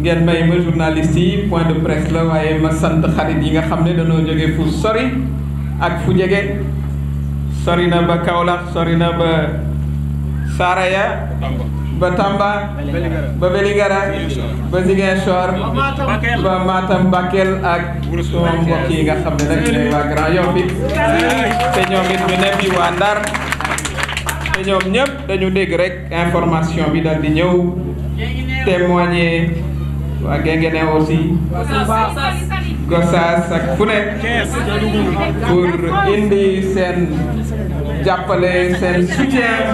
ngeen may ma journaliste yi point de presse la waaye ma sant xarit yi nga xam ne dañoo jóge fu sori ak fu jege sori na ba Kaolack sori na ba Saraya ba Tamba ba Vélingara ba Ziguinchor ba Matam Bakel ak sama mbokk yi nga xam ne nag ñooy waa Grand Yoff te ñoom it ñu nekk yi waa Ndar te ñoom ñëpp dañu dégg rek information bi daal di ñëw témoigner waa Guinguinéo aussi Gossas ak fu pour indi seen jàppale seen soutien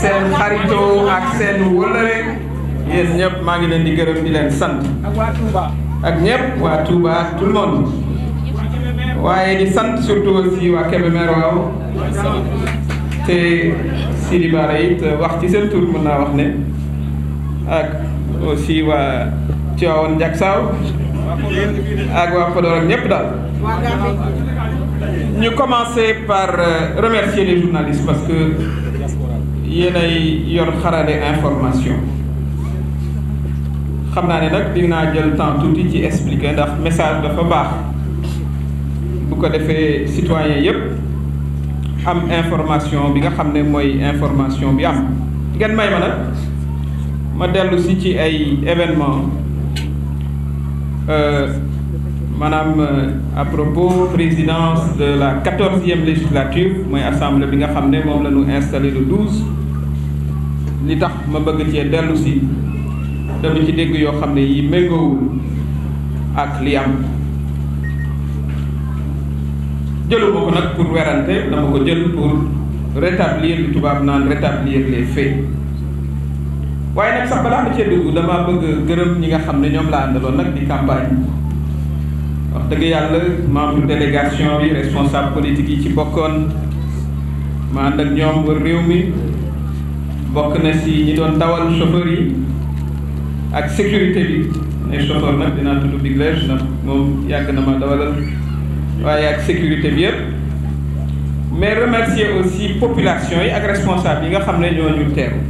seen xaritoo ak seen wëllëre yéen ñëpp maa ngi leen di gërëm di leen sant ak ñëpp waa Touba tout waaye di sant surtout aussi waa Kébémer waaw te Sidi Bara it wax ci seen tur mën naa wax ne ak aussi waa Tivaouane Diacksao ak waa Podor ak ñëpp daal. ñu commencer par euh, remercier les journalistes parce que yéen ay yor xarale information xam naa ne nag dinaa jël temps tuuti ci expliquer ndax message dafa baax bu ko defee citoyen yépp am information bi nga xam ne mooy information bi am ngeen may ma nag. ma dellusi ci ay événement euh, maanaam euh, à propos présidence de la quatorzième législature mooy assemblée bi nga xam ne moom la ñu installé le douze li tax ma bëgg cee dellu si dama ci dégg yoo xam ne yi méngoowul ak li am jëluma ko nag pour werante dama ko jël pour rétablir lu tubaab naan rétablir les faits waaye nag sax balaa ma cee dugg damaa bëgg gërëm ñi nga xam ne ñoom laa àndaloon nag di campagne wax dëgg yàlla membre délégation bi responsable politique yi ci bokkoon ma ànd ak ñoom wër réew mi bokk na si ñi doon dawal chauffeur yi ak sécurité bi ne chauffeur nag dinaa tudd Biglège nag moom yàgg na ma dawalal waaye ak sécurité bi yëpp mais remercier aussi population yi ak responsable yi nga xam ne ñoo ñu teeru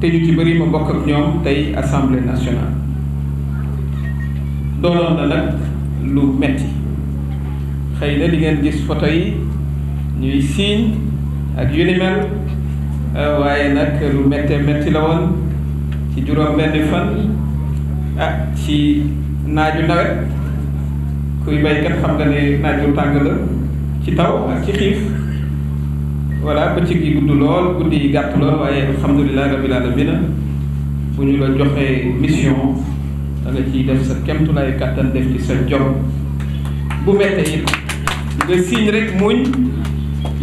te ñu ci bëri mu bokk ak ñoom tey assemblée nationale doonoon na nag lu metti xëy na li ngeen gis photo yi ñuy siiñ ak yu ni mel euh, waaye nag lu méttee métti la woon ci juróom benn fan ah ci naaju nawet kuy baykat xam nga ne naaju tàng la ci taw ak ci xiif voilà bëccëg yi gudd lool guddi yi gàtt lool waaye alhamdulilah rabbil alamina bu ñu la joxee mission da nga ciy def sa kemtulaay kàttan def ci sa jom bu mettee it nga siiñ rek muñ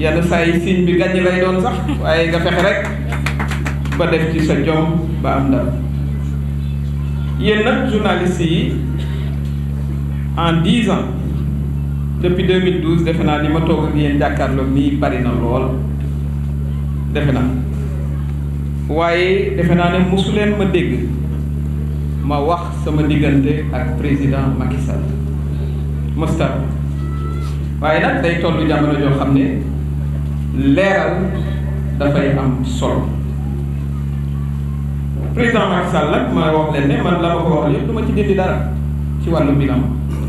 yenn saa yi siiñ bi gàññ lay doon sax waaye nga fexe rek ba def ci sa jom ba am ndam yéen nag journaliste yi en dix ans depuis 2012 defe naa ni ma toog ak yéen jàkkaarloo nii bari lool defe naa waaye defe naa ne mosu leen ma dégg ma wax sama diggante ak président Macky Sall mëstar waaye nag day tollu jamono joo xam ne leeral dafay am solo président Macky Sall nag ma wax leen ne man la ma ko wax yëpp du ci dindi dara ci wàllu bilan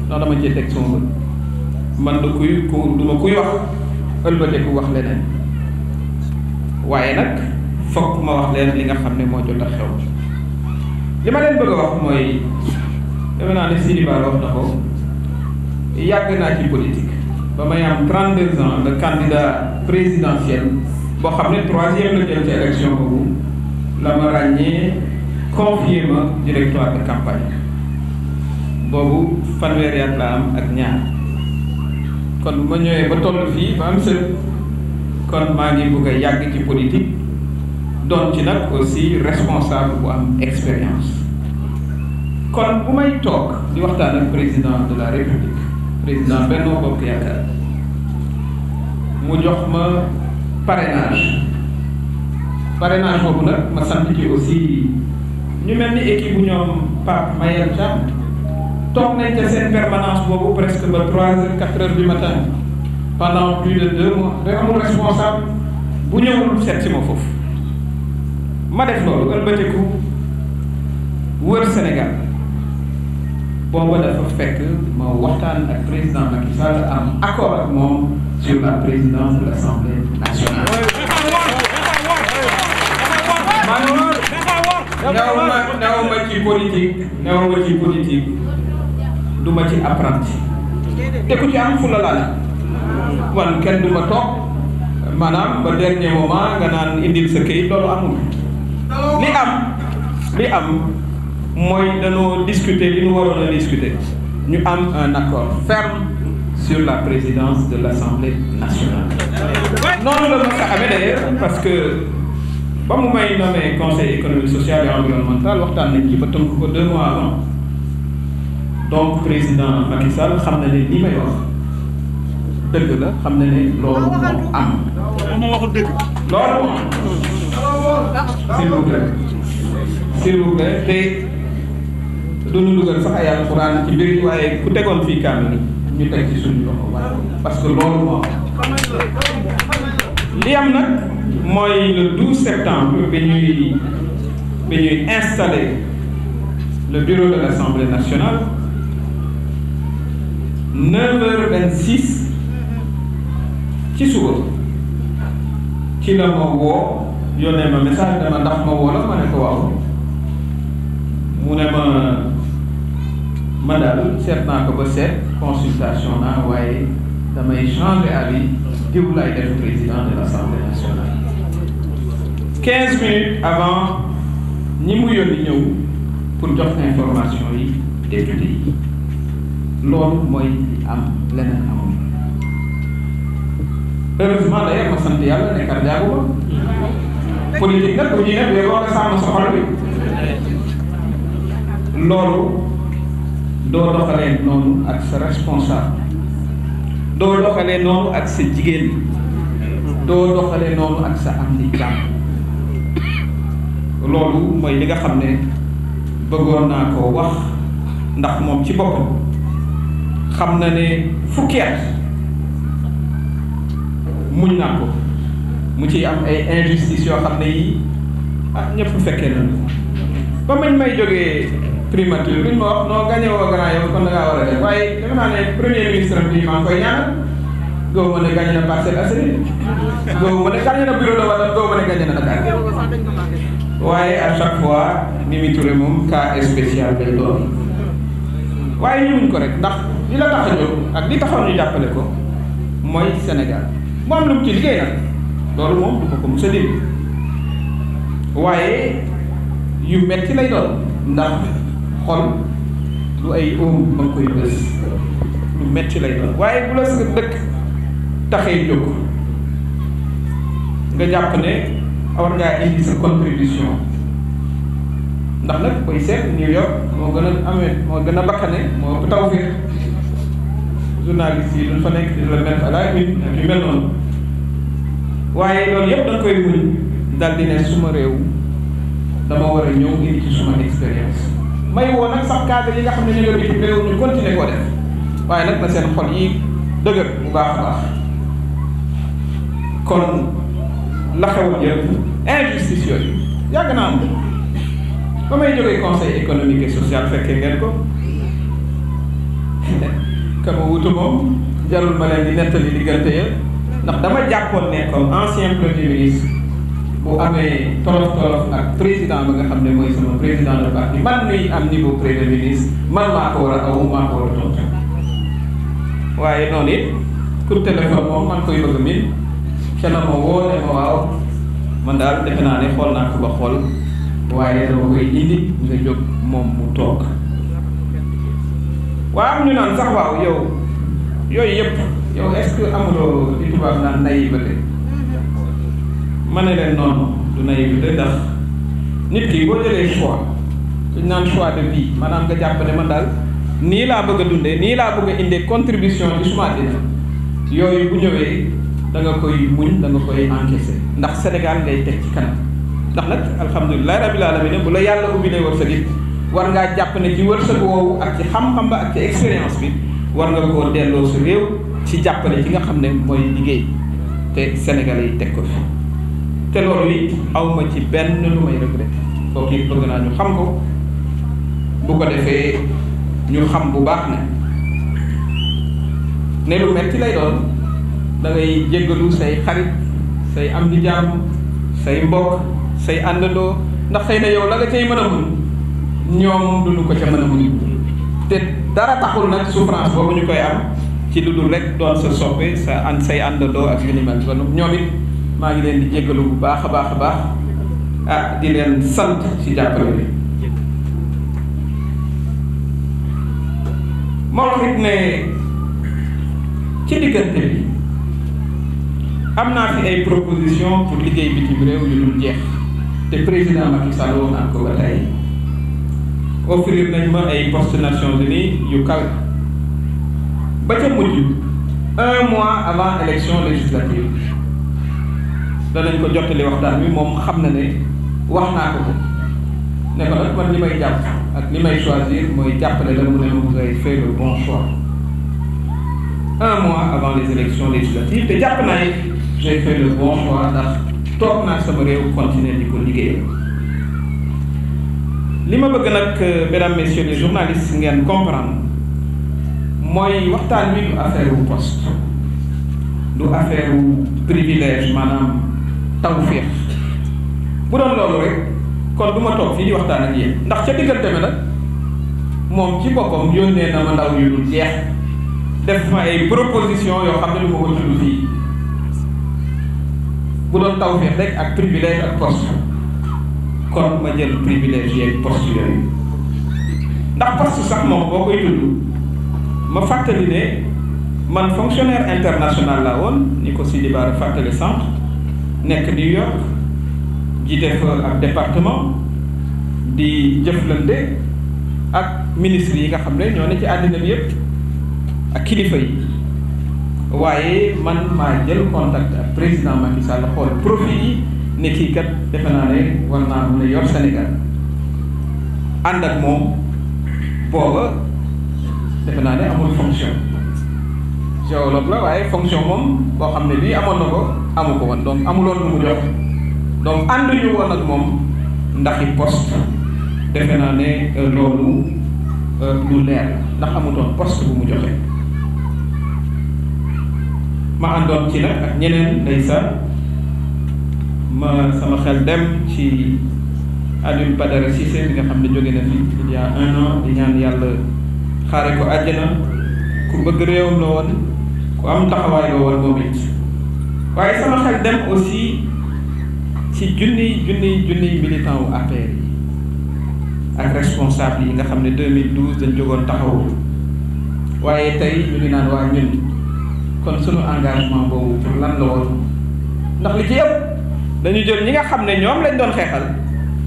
ndax dama cee teg sama bët man du kuy ku du kuy wax ëlbateku wax leneen waaye nag fokk ma wax leen li nga xam ne moo jot a xew li ma leen bëgg a wax mooy defe naa ne Sidi Ba wax na ko yàgg naa ci politique ba may am 32 ans le candidat présidentiel boo xam ne troisième la jël ci élection boobu la ma ràññee confié directoire de campagne boobu fanweeri la am ak ñaar kon ma ñëwee ba toll fii ba am sëñ. kon maa ngi bëgg a yàgg ci politique doon ci nag aussi responsable bu am expérience kon bu may toog di waxtaan ak président de la république président Benno Bokk Yaakaar mu jox ma parrainage parrainage boobu nag ma sant ci aussi ñu mel ni équipe bu ñoom Pape Mayel Thiam toog nañ ca seen permanence boobu presque ba trois heures quatre heures du matin pendant plus de deux mois day responsable bu ñëwul seet si ma foofu ma def loolu ëlbatiku wër Sénégal booba dafa fekk ma waxtaan ak président Macky Sall am accord ak moom sur la présidence de l'Assemblée nationale. man néew ci politique néew ci politique du ci apprenti te ku ci am fula laa la man kenn du ma toog maanaam ba dernier moment nga naan indil sa këyit loolu amul li am li am mooy dañoo discuter li ñu waroon a discuter ñu am un accord ferme sur la présidence de l'Assemblée nationale noonu la ma sa amee d'ailleurs parce que ba mu may nommé conseil économique social et environnemental waxtaan nañ ci ba tënk ko deux mois donc président Macky xam na ne li may wax dëgg la xam na ne loolu moo am. moom waxul dëgg. loolu moo am. s'il vous plaît. s'il vous plaît te duñu dugal sax ay alxuraan ci mbir yi waaye ku tegoon fii kaamil ñu teg ci suñu loxo parce que loolu moo li am nag mooy le 12 septembre bi ñuy bi ñuy installé le bureau de l'Assemblée nationale. 9 h ci suba ci la ma woo yónnee ma message dama ndax ma woo la ma ne ko waaw mu ne ma ma daal seet naa ko ba seet consultation naa waaye damay changer avis diw laay def président de l'Assemblée nationale. 15 minutes avant ñi mu yónni ñëw pour jox information yi député yi loolu mooy am leneen amul. heureusement d'ailleurs ma sant yàlla nekkat jaagu ba politique nag bu ñuy def léegoo loolu doo doxalee noonu ak sa responsable doo doxalee noonu ak sa jigéen doo doxalee noonu ak sa am di jàmm loolu mooy li nga xam ne bëggoon naa koo wax ndax moom ci boppam xam na ne fukki at muñ naa ko mu ci am ay injustice yoo xam ne yi ah ñëpp fekkee na ba mañ may jógee primature bi ma wax noo gagné woo grand waaye dama naa ne ngi koy ñaanal waaye à chaque fois Mimi Touré moom cas spécial lay waaye ñu muñ ko rek ndax li la tax a jóg ak li taxoon ñu jàppale ko mooy Sénégal mu am lu mu ci liggéey nag loolu moom du ko ko mos a dégg waaye yu metti lay doon ndax xol lu ay óom ba nga koy bës lu metti lay doon waaye bu la sa dëkk taxee jóg nga jàpp ne war ngaa indi sa contribution ndax nag koy seet New York moo gën a amee moo gën a bakkane moo taw fii journaliste yi duñ fa nekk di la mettre à la une mel noonu waaye loolu yëpp dañ koy muñ dal di ne suma réew dama war a ñëw indi ci suma expérience may woon nag sax cadre yi nga xam ne ñu ngi bitim réew ñu continuer koo def waaye nag na seen xol yi dëgër bu baax baax kon la xewoon yëpp injustice yooyu yàgg naa am ba may jógee conseil économique social fekkee ngeen ko kama wutu moom jarul ma leen di nettali diggante ya ndax dama jàppoon ne comme ancien premier amee tolof tolof ak président ba nga xam ne mooy sama président de parti man nuy am niveau premier ministre man maa ko war a aw waaye noonu it ku téléphone man daal defe naa ne xool naa ko ba xool waaye dama koy indi nga jóg moom mu toog waaw am ñu naan sax waaw yow yooyu yëpp yow est-ce que amuloo li tubaab naan naïveté mm-hmm. ma ne leen noonu du naïveté ndax nit ki boo jëlee choix naan choix de vie maanaam nga jàpp ne man daal nii laa bëgg dundee nii laa bëgg a indee contribution ci suma àddina yooyu bu ñëwee da nga koy muñ da koy encaisser ndax Sénégal ngay teg ci kanam ndax nag alhamdulilah rabil alamin bu la yàlla ubbi lay war sa war ngaa jàpp ne ci wërsëg woowu ak ci xam-xam ba ak ci expérience bi war nga koo delloo su réew ci jàpp jàppale ci nga xam ne mooy liggéey te Sénégalais yi teg ko fi te loolu it awma ci benn lu may regretté kooku it bëgg naa ñu xam ko bu ko defee ñu xam bu baax ne ne lu metti lay doon dangay ngay say xarit say am di jàmm say mbokk say àndandoo ndax xëy na yow la nga cay mën a mën ñoom duñu ko ca mën a muñ te dara taxul nag souffrance boobu ñu koy am ci lu dul rek doon sa soppe sa ànd say àndandoo ak yu ni mel kon ñoom it maa ngi leen di jéggalu bu baax a baax a baax ah di leen sant ci jàppale bi moo wax naa fi ay proposition pour liggéey bitim réew yu dul jeex te président Macky Sall woon naa ko ba tey offrir nañ ma ay poste Nations Unies yu kawe ba ca mujj un mois avant élection législative danañ ko jottali waxtaan bi moom xam na ne wax naa ko ko ne ko nag man li may jàpp ak li may choisir mooy jàppale la mu ne vous avez fait le bon choix un mois avant les élections législatives te jàpp naa ne j'ai fait le bon choix ndax toog naa sama réew continuer di ko liggéeyal li ma bëgg nag euh, mesdames messieurs les journalistes ngeen comprendre mooy waxtaan wi du affaire wu poste du affaire wu privilège maanaam tawféex bu doon loolu rek kon du toog fii di waxtaan ak yéen ndax ca diggante bi nag moom ci boppam yónnee na ma ndaw yu dul jeex def ma ay proposition yoo xam ne lu ma ko fii bu doon tawféex rek ak privilège ak poste kon ma jël privilège yeeg poste yooyu ndax poste sax moom boo koy tudd ma fàttali ne man fonctionnaire international la woon ni ko si dibaara fàttali sant nekk New York jiite fa ak département di jëflante ak ministre yi nga xam ne ñoo ne ci àddina bi yëpp ak kilifa yi waaye man maa jël contact ak président Macky Sall xool profil yi. ne kii kat defe naa ne war naa mën a yor Sénégal ànd ak moom booba defe naa ne amul fonction géologue la waaye fonction moom boo xam ne bii amoon na ko amu ko woon donc amuloon lu mu jox donc ànd ñu woon ak moom ndaxi poste defe naa ne euh, loolu euh, lu leer ndax amutoon poste bu mu joxe ma àndoon ci nag ak ñeneen ndeysaan ma sama xel dem ci Alioune Badara Cissé bi nga xam ne jóge na fi il y a un an ñaan yàlla xaare ko àjjana ku bëgg réewam la woon ku am taxawaay la woon moom it waaye sama xel dem aussi ci junniy junniy junniy militant wu APR yi ak responsable yi nga xam ne 2012 dañ jógoon taxawu waaye tey ñu ngi naan waa ñun kon sunu engagement boobu pour lan la woon ndax li ci yëpp. dañu jël ñi nga xam ne ñoom lañ doon xeexal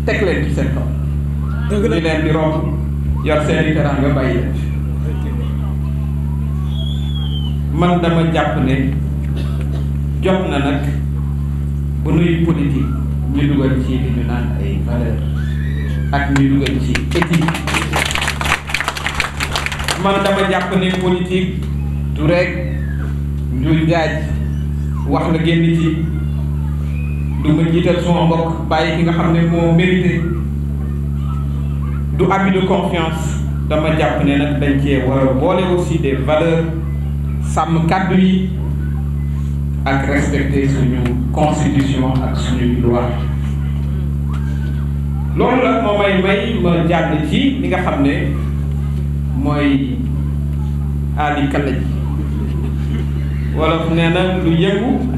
teg leen ci seen kaw ñu leen di romb yor seen i teranga bàyyi man dama jàpp ne jot na nag bu nuy politique ñu dugal ci li ñu naan ay valeur ak ñu dugal ci man dama jàpp ne politique du rek njuy jaaj wax la génn ci du ma jiital suma mbokk bàyyi ki nga xam ne moo mérité du habit de confiance dama jàpp ne dañ cee war a boole aussi des valeurs sàmm kàddu yi ak respecter suñu constitution ak suñu loi loolu la moo may may ma jàdd ci li nga xam ne mooy aadi kala ji wolof nee na lu yëngu